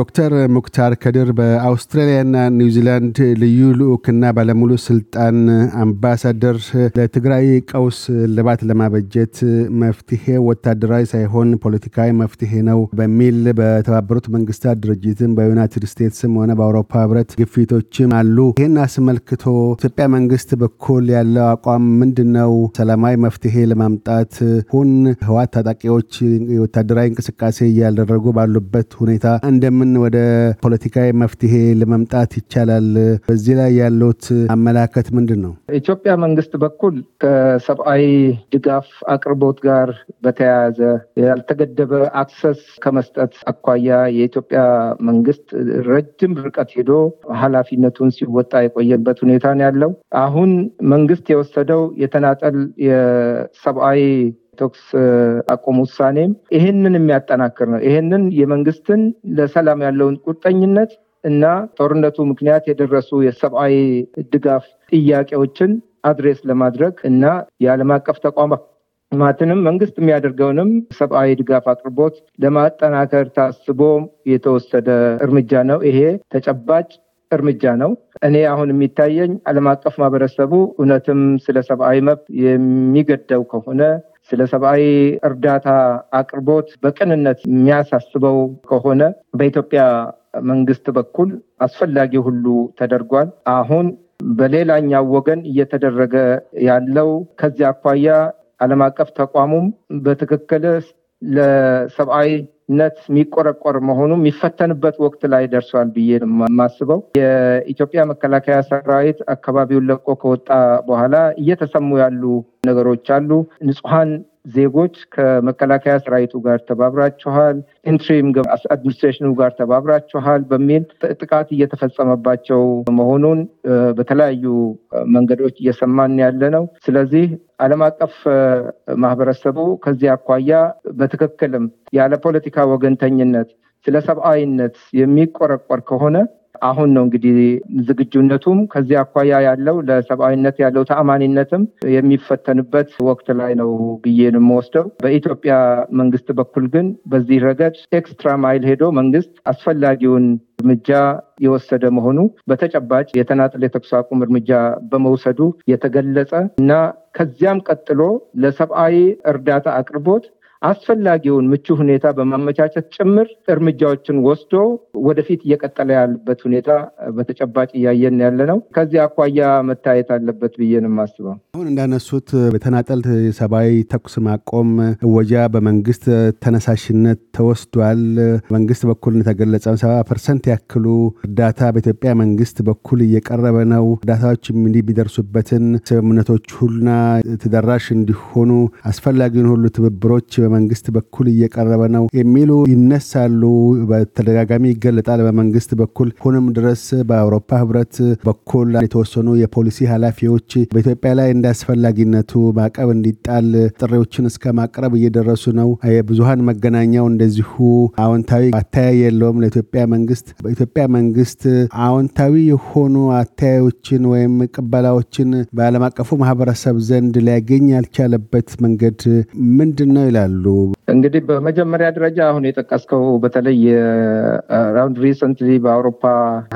ዶክተር ሙክታር ከድር በአውስትራሊያና ኒውዚላንድ ልዩ ልዑክና ባለሙሉ ስልጣን አምባሳደር፣ ለትግራይ ቀውስ ልባት ለማበጀት መፍትሄ ወታደራዊ ሳይሆን ፖለቲካዊ መፍትሄ ነው በሚል በተባበሩት መንግስታት ድርጅትም በዩናይትድ ስቴትስም ሆነ በአውሮፓ ህብረት ግፊቶችም አሉ። ይህን አስመልክቶ ኢትዮጵያ መንግስት በኩል ያለው አቋም ምንድን ነው? ሰላማዊ መፍትሄ ለማምጣት ሁን ህዋት ታጣቂዎች ወታደራዊ እንቅስቃሴ እያደረጉ ባሉበት ሁኔታ እንደምን ወደ ፖለቲካዊ መፍትሄ ለመምጣት ይቻላል። በዚህ ላይ ያለት አመላከት ምንድን ነው? ኢትዮጵያ መንግስት በኩል ከሰብአዊ ድጋፍ አቅርቦት ጋር በተያያዘ ያልተገደበ አክሰስ ከመስጠት አኳያ የኢትዮጵያ መንግስት ረጅም ርቀት ሄዶ ኃላፊነቱን ሲወጣ የቆየበት ሁኔታ ነው ያለው። አሁን መንግስት የወሰደው የተናጠል የሰብአዊ የተኩስ አቁም ውሳኔም ይህንን የሚያጠናክር ነው። ይህንን የመንግስትን ለሰላም ያለውን ቁርጠኝነት እና ጦርነቱ ምክንያት የደረሱ የሰብአዊ ድጋፍ ጥያቄዎችን አድሬስ ለማድረግ እና የዓለም አቀፍ ማትንም መንግስት የሚያደርገውንም ሰብአዊ ድጋፍ አቅርቦት ለማጠናከር ታስቦ የተወሰደ እርምጃ ነው። ይሄ ተጨባጭ እርምጃ ነው። እኔ አሁን የሚታየኝ ዓለም አቀፍ ማህበረሰቡ እውነትም ስለ ሰብአዊ መብት የሚገደው ከሆነ ስለ ሰብአዊ እርዳታ አቅርቦት በቅንነት የሚያሳስበው ከሆነ በኢትዮጵያ መንግስት በኩል አስፈላጊ ሁሉ ተደርጓል። አሁን በሌላኛው ወገን እየተደረገ ያለው ከዚህ አኳያ አለም አቀፍ ተቋሙም በትክክል ለሰብአዊ ነት የሚቆረቆር መሆኑ የሚፈተንበት ወቅት ላይ ደርሷል ብዬ የማስበው የኢትዮጵያ መከላከያ ሰራዊት አካባቢውን ለቆ ከወጣ በኋላ እየተሰሙ ያሉ ነገሮች አሉ። ንጹሀን ዜጎች ከመከላከያ ሰራዊቱ ጋር ተባብራችኋል፣ ኢንትሪም አድሚኒስትሬሽኑ ጋር ተባብራችኋል በሚል ጥቃት እየተፈጸመባቸው መሆኑን በተለያዩ መንገዶች እየሰማን ያለ ነው። ስለዚህ አለም አቀፍ ማህበረሰቡ ከዚህ አኳያ በትክክልም ያለ ፖለቲካ ወገንተኝነት ስለ ሰብአዊነት የሚቆረቆር ከሆነ አሁን ነው እንግዲህ ዝግጁነቱም ከዚህ አኳያ ያለው ለሰብአዊነት ያለው ተአማኒነትም የሚፈተንበት ወቅት ላይ ነው ብዬ የምወስደው። በኢትዮጵያ መንግስት በኩል ግን በዚህ ረገድ ኤክስትራ ማይል ሄዶ መንግስት አስፈላጊውን እርምጃ የወሰደ መሆኑ በተጨባጭ የተናጥል የተኩስ አቁም እርምጃ በመውሰዱ የተገለጸ እና ከዚያም ቀጥሎ ለሰብአዊ እርዳታ አቅርቦት አስፈላጊውን ምቹ ሁኔታ በማመቻቸት ጭምር እርምጃዎችን ወስዶ ወደፊት እየቀጠለ ያለበት ሁኔታ በተጨባጭ እያየን ያለ ነው። ከዚህ አኳያ መታየት አለበት ብዬ ነው የማስበው። አሁን እንዳነሱት በተናጠል ሰብአዊ ተኩስ ማቆም እወጃ በመንግስት ተነሳሽነት ተወስዷል። መንግስት በኩል እንደተገለጸው ሰባ ፐርሰንት ያክሉ እርዳታ በኢትዮጵያ መንግስት በኩል እየቀረበ ነው። እርዳታዎች እንዲህ ቢደርሱበትን ስምምነቶች ሁሉና ተደራሽ እንዲሆኑ አስፈላጊውን ሁሉ ትብብሮች በመንግስት በኩል እየቀረበ ነው የሚሉ ይነሳሉ፣ በተደጋጋሚ ይገለጣል በመንግስት በኩል ሁንም ድረስ በአውሮፓ ህብረት በኩል የተወሰኑ የፖሊሲ ኃላፊዎች በኢትዮጵያ ላይ እንደ አስፈላጊነቱ ማዕቀብ እንዲጣል ጥሪዎችን እስከ ማቅረብ እየደረሱ ነው። የብዙሀን መገናኛው እንደዚሁ አዎንታዊ አተያይ የለውም ለኢትዮጵያ መንግስት። በኢትዮጵያ መንግስት አዎንታዊ የሆኑ አተያዮችን ወይም ቅበላዎችን በዓለም አቀፉ ማህበረሰብ ዘንድ ሊያገኝ ያልቻለበት መንገድ ምንድን ነው ይላሉ። ይችላሉ? እንግዲህ በመጀመሪያ ደረጃ አሁን የጠቀስከው በተለይ ራውንድ ሪሰንትሊ በአውሮፓ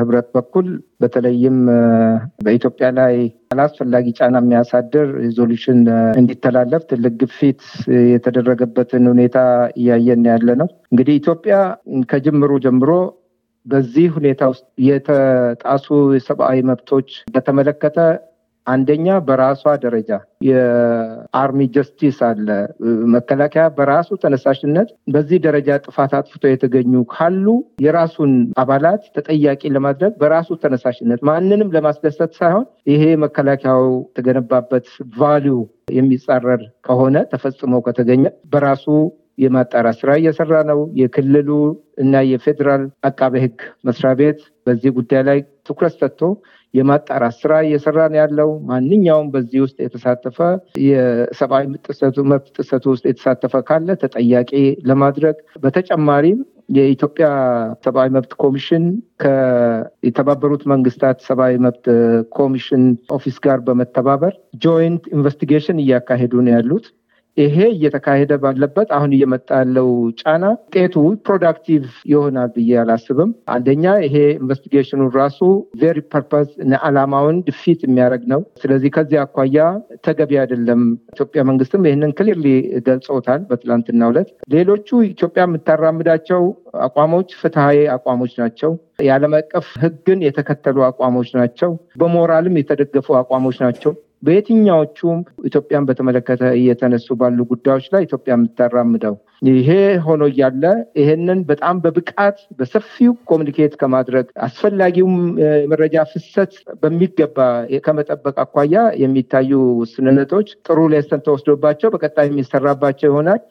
ህብረት በኩል በተለይም በኢትዮጵያ ላይ አላስፈላጊ ጫና የሚያሳድር ሪዞሉሽን እንዲተላለፍ ትልቅ ግፊት የተደረገበትን ሁኔታ እያየን ያለ ነው። እንግዲህ ኢትዮጵያ ከጅምሩ ጀምሮ በዚህ ሁኔታ ውስጥ የተጣሱ የሰብአዊ መብቶች በተመለከተ አንደኛ በራሷ ደረጃ የአርሚ ጀስቲስ አለ። መከላከያ በራሱ ተነሳሽነት በዚህ ደረጃ ጥፋት አጥፍቶ የተገኙ ካሉ የራሱን አባላት ተጠያቂ ለማድረግ በራሱ ተነሳሽነት ማንንም ለማስደሰት ሳይሆን ይሄ መከላከያው የተገነባበት ቫሊዩ የሚጻረር ከሆነ ተፈጽሞ ከተገኘ በራሱ የማጣራት ስራ እየሰራ ነው። የክልሉ እና የፌዴራል አቃቤ ህግ መስሪያ ቤት በዚህ ጉዳይ ላይ ትኩረት ሰጥቶ የማጣራት ስራ ነው ያለው ማንኛውም በዚህ ውስጥ የተሳተፈ የሰብአዊ መብት ጥሰቱ ውስጥ የተሳተፈ ካለ ተጠያቂ ለማድረግ በተጨማሪም የኢትዮጵያ ሰብአዊ መብት ኮሚሽን ከየተባበሩት መንግስታት ሰብአዊ መብት ኮሚሽን ኦፊስ ጋር በመተባበር ጆይንት ኢንቨስቲጌሽን እያካሄዱ ነው ያሉት። ይሄ እየተካሄደ ባለበት አሁን እየመጣ ያለው ጫና ጤቱ ፕሮዳክቲቭ ይሆናል ብዬ አላስብም። አንደኛ ይሄ ኢንቨስቲጌሽኑ ራሱ ቬሪ ፐርፐስ ዓላማውን ፊት የሚያደርግ ነው። ስለዚህ ከዚህ አኳያ ተገቢ አይደለም። ኢትዮጵያ መንግስትም ይህንን ክሊርሊ ገልጾታል በትላንትና ሁለት ሌሎቹ ኢትዮጵያ የምታራምዳቸው አቋሞች ፍትሀዊ አቋሞች ናቸው። የዓለም አቀፍ ህግን የተከተሉ አቋሞች ናቸው። በሞራልም የተደገፉ አቋሞች ናቸው። በየትኛዎቹም ኢትዮጵያን በተመለከተ እየተነሱ ባሉ ጉዳዮች ላይ ኢትዮጵያ የምታራምደው ይሄ ሆኖ እያለ ይሄንን በጣም በብቃት በሰፊው ኮሚኒኬት ከማድረግ አስፈላጊውም የመረጃ ፍሰት በሚገባ ከመጠበቅ አኳያ የሚታዩ ውስንነቶች ጥሩ ሌሰን ተወስዶባቸው በቀጣይ የሚሰራባቸው ይሆናል።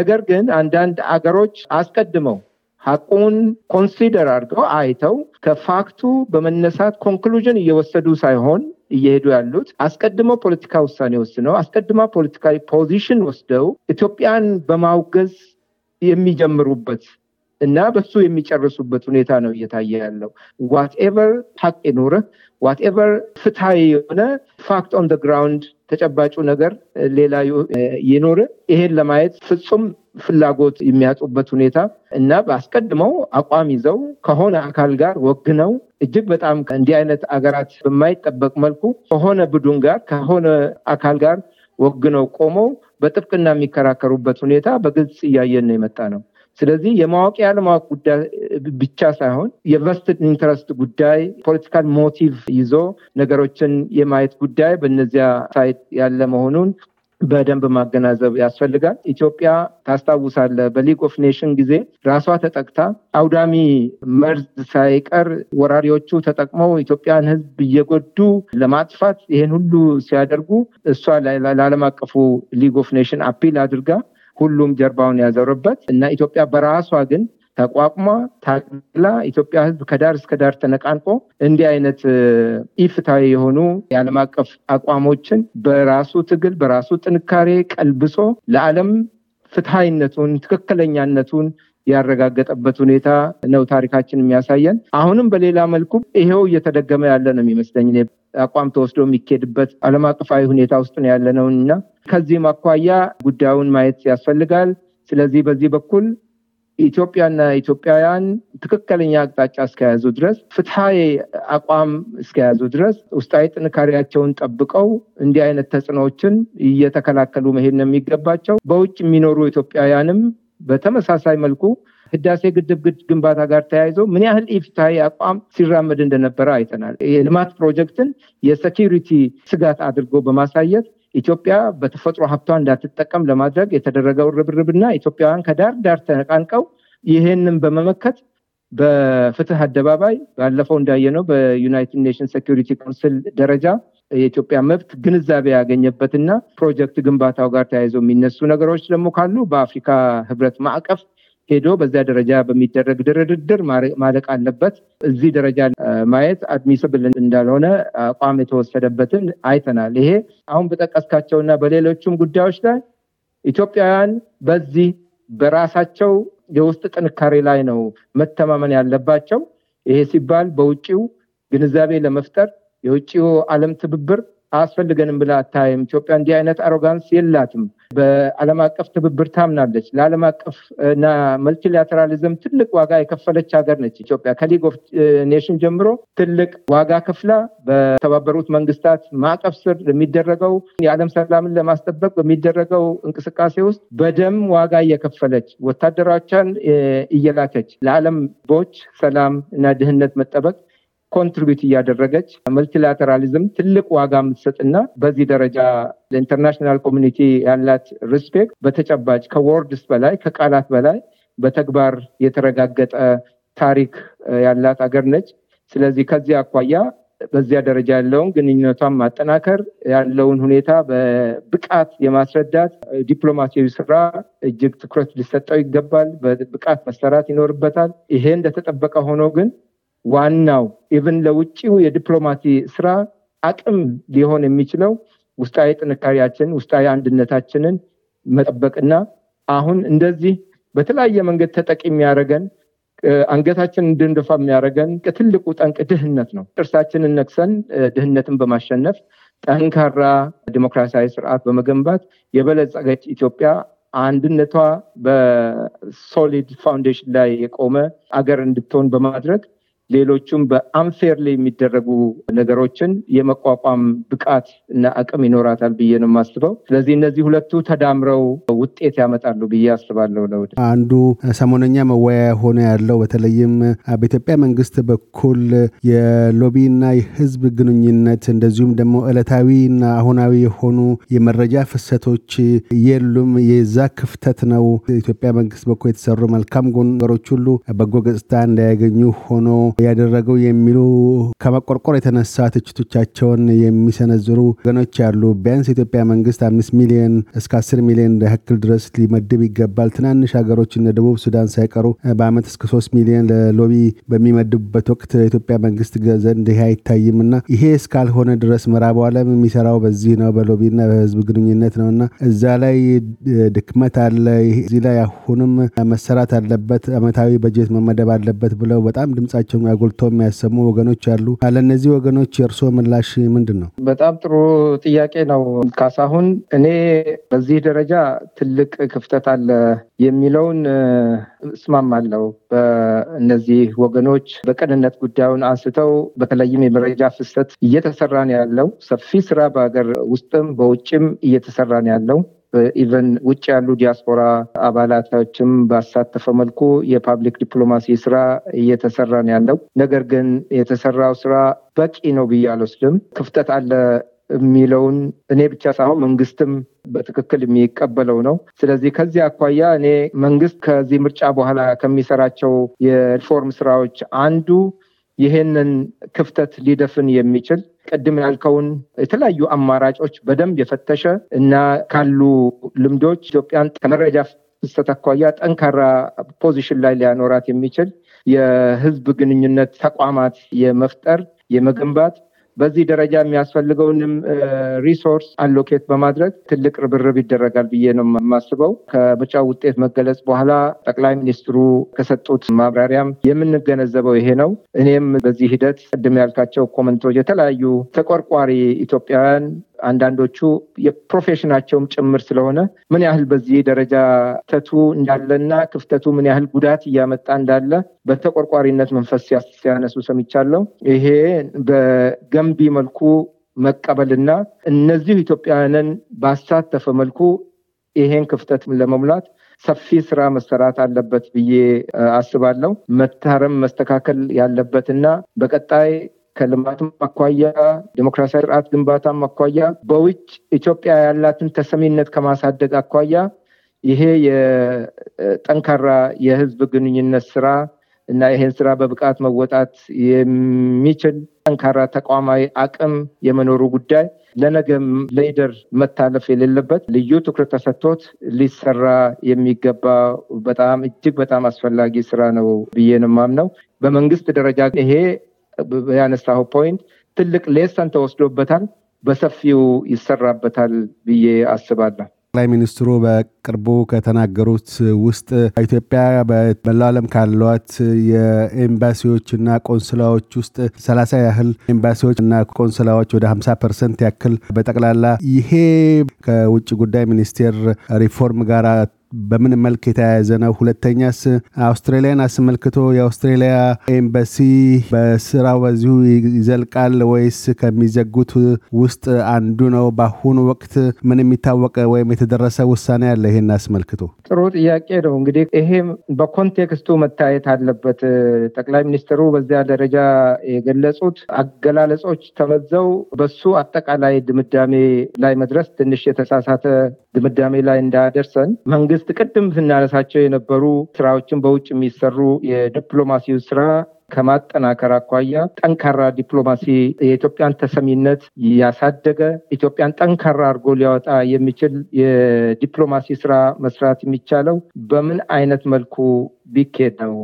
ነገር ግን አንዳንድ አገሮች አስቀድመው ሀቁን ኮንሲደር አድርገው አይተው ከፋክቱ በመነሳት ኮንክሉዥን እየወሰዱ ሳይሆን እየሄዱ ያሉት አስቀድመው ፖለቲካ ውሳኔ ወስነው አስቀድሞ ፖለቲካዊ ፖዚሽን ወስደው ኢትዮጵያን በማውገዝ የሚጀምሩበት እና በሱ የሚጨርሱበት ሁኔታ ነው እየታየ ያለው። ዋትኤቨር ሀቅ ይኑርህ፣ ዋትኤቨር ፍትሀዊ የሆነ ፋክት ኦን ግራውንድ ተጨባጩ ነገር ሌላ ይኑር፣ ይሄን ለማየት ፍጹም ፍላጎት የሚያጡበት ሁኔታ እና በአስቀድመው አቋም ይዘው ከሆነ አካል ጋር ወግነው እጅግ በጣም እንዲህ አይነት አገራት በማይጠበቅ መልኩ ከሆነ ቡድን ጋር ከሆነ አካል ጋር ወግነው ቆመው በጥብቅና የሚከራከሩበት ሁኔታ በግልጽ እያየን ነው የመጣ ነው። ስለዚህ የማወቅ ያለማወቅ ጉዳይ ብቻ ሳይሆን የቨስትድ ኢንትረስት ጉዳይ፣ ፖለቲካል ሞቲቭ ይዞ ነገሮችን የማየት ጉዳይ በነዚያ ሳይት ያለ መሆኑን በደንብ ማገናዘብ ያስፈልጋል። ኢትዮጵያ ታስታውሳለ፣ በሊግ ኦፍ ኔሽን ጊዜ ራሷ ተጠቅታ አውዳሚ መርዝ ሳይቀር ወራሪዎቹ ተጠቅመው ኢትዮጵያን ሕዝብ እየጎዱ ለማጥፋት ይሄን ሁሉ ሲያደርጉ እሷ ለዓለም አቀፉ ሊግ ኦፍ ኔሽን አፒል አድርጋ ሁሉም ጀርባውን ያዘረበት እና ኢትዮጵያ በራሷ ግን ተቋቁማ ታግላ ኢትዮጵያ ህዝብ ከዳር እስከ ዳር ተነቃንቆ እንዲህ አይነት ኢፍታዊ የሆኑ የዓለም አቀፍ አቋሞችን በራሱ ትግል በራሱ ጥንካሬ ቀልብሶ ለዓለም ፍትሐይነቱን ትክክለኛነቱን ያረጋገጠበት ሁኔታ ነው ታሪካችን የሚያሳየን። አሁንም በሌላ መልኩ ይሄው እየተደገመ ያለ ነው የሚመስለኝ። አቋም ተወስዶ የሚኬድበት አለም አቀፋዊ ሁኔታ ውስጥ ነው ያለነው እና ከዚህም አኳያ ጉዳዩን ማየት ያስፈልጋል። ስለዚህ በዚህ በኩል ኢትዮጵያና ኢትዮጵያውያን ትክክለኛ አቅጣጫ እስከያዙ ድረስ ፍትሐዊ አቋም እስከያዙ ድረስ ውስጣዊ ጥንካሬያቸውን ጠብቀው እንዲህ አይነት ተጽዕኖዎችን እየተከላከሉ መሄድ ነው የሚገባቸው። በውጭ የሚኖሩ ኢትዮጵያውያንም በተመሳሳይ መልኩ ህዳሴ ግድብ ግንባታ ጋር ተያይዞ ምን ያህል ኢፍትሐዊ አቋም ሲራመድ እንደነበረ አይተናል። የልማት ፕሮጀክትን የሴኪሪቲ ስጋት አድርጎ በማሳየት ኢትዮጵያ በተፈጥሮ ሀብቷ እንዳትጠቀም ለማድረግ የተደረገው ርብርብና ኢትዮጵያውያን ከዳር ዳር ተነቃንቀው ይህንን በመመከት በፍትህ አደባባይ ባለፈው እንዳየነው በዩናይትድ ኔሽን ሴኪሪቲ ካውንስል ደረጃ የኢትዮጵያ መብት ግንዛቤ ያገኘበትና ፕሮጀክት ግንባታው ጋር ተያይዘው የሚነሱ ነገሮች ደግሞ ካሉ በአፍሪካ ህብረት ማዕቀፍ ሄዶ በዚያ ደረጃ በሚደረግ ድርድር ማለቅ አለበት። እዚህ ደረጃ ማየት አድሚስብል እንዳልሆነ አቋም የተወሰደበትን አይተናል። ይሄ አሁን በጠቀስካቸውና በሌሎችም ጉዳዮች ላይ ኢትዮጵያውያን በዚህ በራሳቸው የውስጥ ጥንካሬ ላይ ነው መተማመን ያለባቸው። ይሄ ሲባል በውጭው ግንዛቤ ለመፍጠር የውጭው ዓለም ትብብር አያስፈልገንም ብላ አታይም። ኢትዮጵያ እንዲህ አይነት አሮጋንስ የላትም። በዓለም አቀፍ ትብብር ታምናለች። ለዓለም አቀፍ እና መልቲላተራሊዝም ትልቅ ዋጋ የከፈለች ሀገር ነች ኢትዮጵያ። ከሊግ ኦፍ ኔሽን ጀምሮ ትልቅ ዋጋ ከፍላ በተባበሩት መንግስታት ማዕቀፍ ስር የሚደረገው የዓለም ሰላምን ለማስጠበቅ በሚደረገው እንቅስቃሴ ውስጥ በደም ዋጋ እየከፈለች ወታደሮቿን እየላከች ለዓለም ቦች ሰላም እና ድህነት መጠበቅ ኮንትሪቢዩት እያደረገች መልቲላተራሊዝም ትልቅ ዋጋ የምትሰጥና በዚህ ደረጃ ለኢንተርናሽናል ኮሚኒቲ ያላት ሪስፔክት በተጨባጭ ከወርድስ በላይ ከቃላት በላይ በተግባር የተረጋገጠ ታሪክ ያላት አገር ነች። ስለዚህ ከዚህ አኳያ በዚያ ደረጃ ያለውን ግንኙነቷን ማጠናከር፣ ያለውን ሁኔታ በብቃት የማስረዳት ዲፕሎማሲያዊ ስራ እጅግ ትኩረት ሊሰጠው ይገባል። በብቃት መሰራት ይኖርበታል። ይሄ እንደተጠበቀ ሆኖ ግን ዋናው ኢቨን ለውጭው የዲፕሎማሲ ስራ አቅም ሊሆን የሚችለው ውስጣዊ ጥንካሬያችን ውስጣዊ አንድነታችንን መጠበቅና አሁን እንደዚህ በተለያየ መንገድ ተጠቂ የሚያደረገን አንገታችን እንድንደፋ የሚያደረገን ትልቁ ጠንቅ ድህነት ነው። ጥርሳችንን ነክሰን ድህነትን በማሸነፍ ጠንካራ ዲሞክራሲያዊ ስርዓት በመገንባት የበለጸገች ኢትዮጵያ አንድነቷ በሶሊድ ፋውንዴሽን ላይ የቆመ አገር እንድትሆን በማድረግ ሌሎቹም በአንፌርሊ የሚደረጉ ነገሮችን የመቋቋም ብቃት እና አቅም ይኖራታል ብዬ ነው የማስበው። ስለዚህ እነዚህ ሁለቱ ተዳምረው ውጤት ያመጣሉ ብዬ አስባለሁ። ለወደ አንዱ ሰሞነኛ መወያያ ሆነ ያለው በተለይም በኢትዮጵያ መንግስት በኩል የሎቢና የህዝብ ግንኙነት እንደዚሁም ደግሞ ዕለታዊና አሁናዊ የሆኑ የመረጃ ፍሰቶች የሉም። የዛ ክፍተት ነው ኢትዮጵያ መንግስት በኩል የተሰሩ መልካም ነገሮች ሁሉ በጎ ገጽታ እንዳያገኙ ሆኖ ያደረገው የሚሉ ከመቆርቆር የተነሳ ትችቶቻቸውን የሚሰነዝሩ ወገኖች ያሉ። ቢያንስ የኢትዮጵያ መንግስት አምስት ሚሊዮን እስከ አስር ሚሊዮን ያክል ድረስ ሊመድብ ይገባል። ትናንሽ ሀገሮች እነ ደቡብ ሱዳን ሳይቀሩ በአመት እስከ ሶስት ሚሊዮን ለሎቢ በሚመድቡበት ወቅት የኢትዮጵያ መንግስት ዘንድ ይህ አይታይም እና ይሄ እስካልሆነ ድረስ ምዕራቡ ዓለም የሚሰራው በዚህ ነው፣ በሎቢና በህዝብ ግንኙነት ነው እና እዛ ላይ ድክመት አለ። እዚህ ላይ አሁንም መሰራት አለበት፣ አመታዊ በጀት መመደብ አለበት ብለው በጣም ድምጻቸው አጉልቶ የሚያሰሙ ወገኖች አሉ። ለእነዚህ ወገኖች የእርስዎ ምላሽ ምንድን ነው? በጣም ጥሩ ጥያቄ ነው ካሳሁን። እኔ በዚህ ደረጃ ትልቅ ክፍተት አለ የሚለውን እስማማለሁ። በእነዚህ ወገኖች በቅንነት ጉዳዩን አንስተው በተለይም የመረጃ ፍሰት እየተሰራ ነው ያለው ሰፊ ስራ በሀገር ውስጥም በውጭም እየተሰራ ነው ያለው ኢቨን ውጭ ያሉ ዲያስፖራ አባላቶችም ባሳተፈ መልኩ የፓብሊክ ዲፕሎማሲ ስራ እየተሰራ ነው ያለው። ነገር ግን የተሰራው ስራ በቂ ነው ብዬ አልወስድም። ክፍተት አለ የሚለውን እኔ ብቻ ሳይሆን መንግስትም በትክክል የሚቀበለው ነው። ስለዚህ ከዚህ አኳያ እኔ መንግስት ከዚህ ምርጫ በኋላ ከሚሰራቸው የሪፎርም ስራዎች አንዱ ይሄንን ክፍተት ሊደፍን የሚችል ቅድም ያልከውን የተለያዩ አማራጮች በደንብ የፈተሸ እና ካሉ ልምዶች ኢትዮጵያን ከመረጃ ፍሰት አኳያ ጠንካራ ፖዚሽን ላይ ሊያኖራት የሚችል የህዝብ ግንኙነት ተቋማት የመፍጠር የመገንባት በዚህ ደረጃ የሚያስፈልገውንም ሪሶርስ አሎኬት በማድረግ ትልቅ ርብርብ ይደረጋል ብዬ ነው የማስበው። ከምርጫው ውጤት መገለጽ በኋላ ጠቅላይ ሚኒስትሩ ከሰጡት ማብራሪያም የምንገነዘበው ይሄ ነው። እኔም በዚህ ሂደት ቅድም ያልካቸው ኮመንቶች የተለያዩ ተቆርቋሪ ኢትዮጵያውያን አንዳንዶቹ የፕሮፌሽናቸውም ጭምር ስለሆነ ምን ያህል በዚህ ደረጃ ክፍተቱ እንዳለና ክፍተቱ ምን ያህል ጉዳት እያመጣ እንዳለ በተቆርቋሪነት መንፈስ ሲያነሱ ሰምቻለሁ። ይሄ በገንቢ መልኩ መቀበልና እነዚሁ ኢትዮጵያውያንን ባሳተፈ መልኩ ይሄን ክፍተት ለመሙላት ሰፊ ስራ መሰራት አለበት ብዬ አስባለሁ። መታረም መስተካከል ያለበትና በቀጣይ ከልማትም አኳያ ዲሞክራሲያዊ ስርዓት ግንባታም አኳያ በውጭ ኢትዮጵያ ያላትን ተሰሚነት ከማሳደግ አኳያ ይሄ የጠንካራ የህዝብ ግንኙነት ስራ እና ይሄን ስራ በብቃት መወጣት የሚችል ጠንካራ ተቋማዊ አቅም የመኖሩ ጉዳይ ለነገ ሌደር መታለፍ የሌለበት ልዩ ትኩረት ተሰጥቶት ሊሰራ የሚገባ በጣም እጅግ በጣም አስፈላጊ ስራ ነው ብዬ ነው የማምነው። በመንግስት ደረጃ ይሄ ያነሳው ፖይንት ትልቅ ሌሰን ተወስዶበታል። በሰፊው ይሰራበታል ብዬ አስባለሁ። ጠቅላይ ሚኒስትሩ በቅርቡ ከተናገሩት ውስጥ ኢትዮጵያ በመላው ዓለም ካሏት የኤምባሲዎችና ቆንስላዎች ውስጥ ሰላሳ ያህል ኤምባሲዎች እና ቆንስላዎች ወደ 50 ፐርሰንት ያክል በጠቅላላ ይሄ ከውጭ ጉዳይ ሚኒስቴር ሪፎርም ጋር በምን መልክ የተያያዘ ነው? ሁለተኛስ አውስትራሊያን አስመልክቶ የአውስትራሊያ ኤምባሲ በስራው በዚሁ ይዘልቃል ወይስ ከሚዘጉት ውስጥ አንዱ ነው? በአሁኑ ወቅት ምን የሚታወቀ ወይም የተደረሰ ውሳኔ አለ? ይሄን አስመልክቶ ጥሩ ጥያቄ ነው። እንግዲህ ይሄ በኮንቴክስቱ መታየት አለበት። ጠቅላይ ሚኒስትሩ በዚያ ደረጃ የገለጹት አገላለጾች ተመዘው በሱ አጠቃላይ ድምዳሜ ላይ መድረስ ትንሽ የተሳሳተ ድምዳሜ ላይ እንዳደርሰን መንግስት ቅድም ስናነሳቸው የነበሩ ስራዎችን በውጭ የሚሰሩ የዲፕሎማሲው ስራ ከማጠናከር አኳያ ጠንካራ ዲፕሎማሲ የኢትዮጵያን ተሰሚነት ያሳደገ ኢትዮጵያን ጠንካራ አድርጎ ሊያወጣ የሚችል የዲፕሎማሲ ስራ መስራት የሚቻለው በምን አይነት መልኩ ቢኬድ ነው?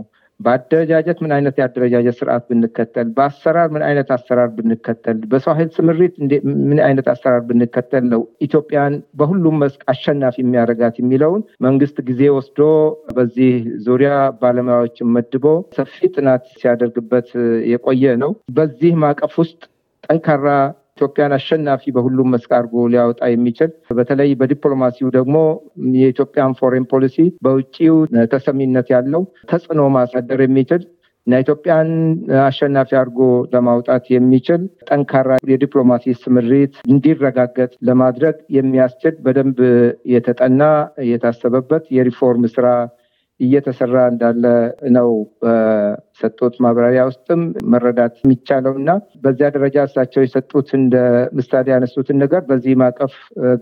በአደረጃጀት ምን አይነት የአደረጃጀት ስርዓት ብንከተል፣ በአሰራር ምን አይነት አሰራር ብንከተል፣ በሰው ሀይል ስምሪት ምን አይነት አሰራር ብንከተል ነው ኢትዮጵያን በሁሉም መስክ አሸናፊ የሚያደርጋት የሚለውን መንግስት ጊዜ ወስዶ በዚህ ዙሪያ ባለሙያዎችን መድቦ ሰፊ ጥናት ሲያደርግበት የቆየ ነው። በዚህ ማዕቀፍ ውስጥ ጠንካራ ኢትዮጵያን አሸናፊ በሁሉም መስክ አድርጎ ሊያወጣ የሚችል በተለይ በዲፕሎማሲው ደግሞ የኢትዮጵያን ፎሬን ፖሊሲ በውጭው ተሰሚነት ያለው ተጽዕኖ ማሳደር የሚችል እና ኢትዮጵያን አሸናፊ አድርጎ ለማውጣት የሚችል ጠንካራ የዲፕሎማሲ ስምሪት እንዲረጋገጥ ለማድረግ የሚያስችል በደንብ የተጠና የታሰበበት የሪፎርም ስራ እየተሰራ እንዳለ ነው በሰጡት ማብራሪያ ውስጥም መረዳት የሚቻለው እና በዚያ ደረጃ እሳቸው የሰጡት እንደ ምሳሌ ያነሱትን ነገር በዚህ ማቀፍ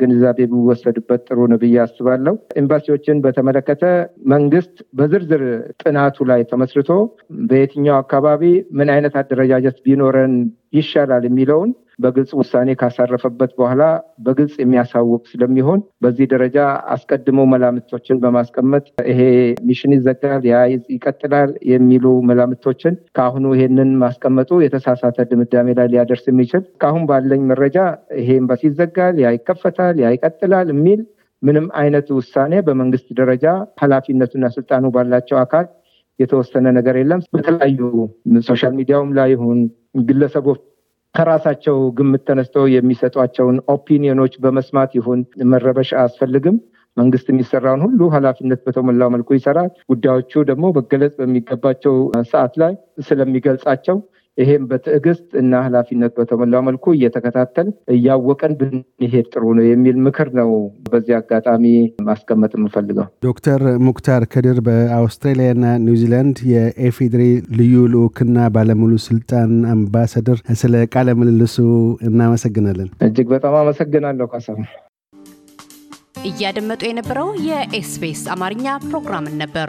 ግንዛቤ የሚወሰድበት ጥሩ ነው ብዬ አስባለሁ። ኤምባሲዎችን በተመለከተ መንግስት በዝርዝር ጥናቱ ላይ ተመስርቶ በየትኛው አካባቢ ምን አይነት አደረጃጀት ቢኖረን ይሻላል የሚለውን በግልጽ ውሳኔ ካሳረፈበት በኋላ በግልጽ የሚያሳውቅ ስለሚሆን በዚህ ደረጃ አስቀድሞ መላምቶችን በማስቀመጥ ይሄ ሚሽን ይዘጋል፣ ያ ይቀጥላል የሚሉ መላምቶችን ከአሁኑ ይሄንን ማስቀመጡ የተሳሳተ ድምዳሜ ላይ ሊያደርስ የሚችል ከአሁን ባለኝ መረጃ ይሄ ኤምባሲ ይዘጋል፣ ያ ይከፈታል፣ ያ ይቀጥላል የሚል ምንም አይነት ውሳኔ በመንግስት ደረጃ ኃላፊነቱና ስልጣኑ ባላቸው አካል የተወሰነ ነገር የለም። በተለያዩ ሶሻል ሚዲያውም ላይ ይሁን ግለሰቦች ከራሳቸው ግምት ተነስተው የሚሰጧቸውን ኦፒኒዮኖች በመስማት ይሁን መረበሽ አያስፈልግም። መንግስት የሚሰራውን ሁሉ ኃላፊነት በተሞላው መልኩ ይሰራል። ጉዳዮቹ ደግሞ መገለጽ በሚገባቸው ሰዓት ላይ ስለሚገልጻቸው ይሄም በትዕግስት እና ኃላፊነት በተሞላ መልኩ እየተከታተል እያወቀን ብንሄድ ጥሩ ነው የሚል ምክር ነው በዚህ አጋጣሚ ማስቀመጥ የምፈልገው። ዶክተር ሙክታር ከድር በአውስትራሊያና ኒውዚላንድ የኤፌድሪ ልዩ ልዑክና ባለሙሉ ስልጣን አምባሳደር፣ ስለ ቃለ ምልልሱ እናመሰግናለን። እጅግ በጣም አመሰግናለሁ ካሳ። እያደመጡ የነበረው የኤስፔስ አማርኛ ፕሮግራምን ነበር።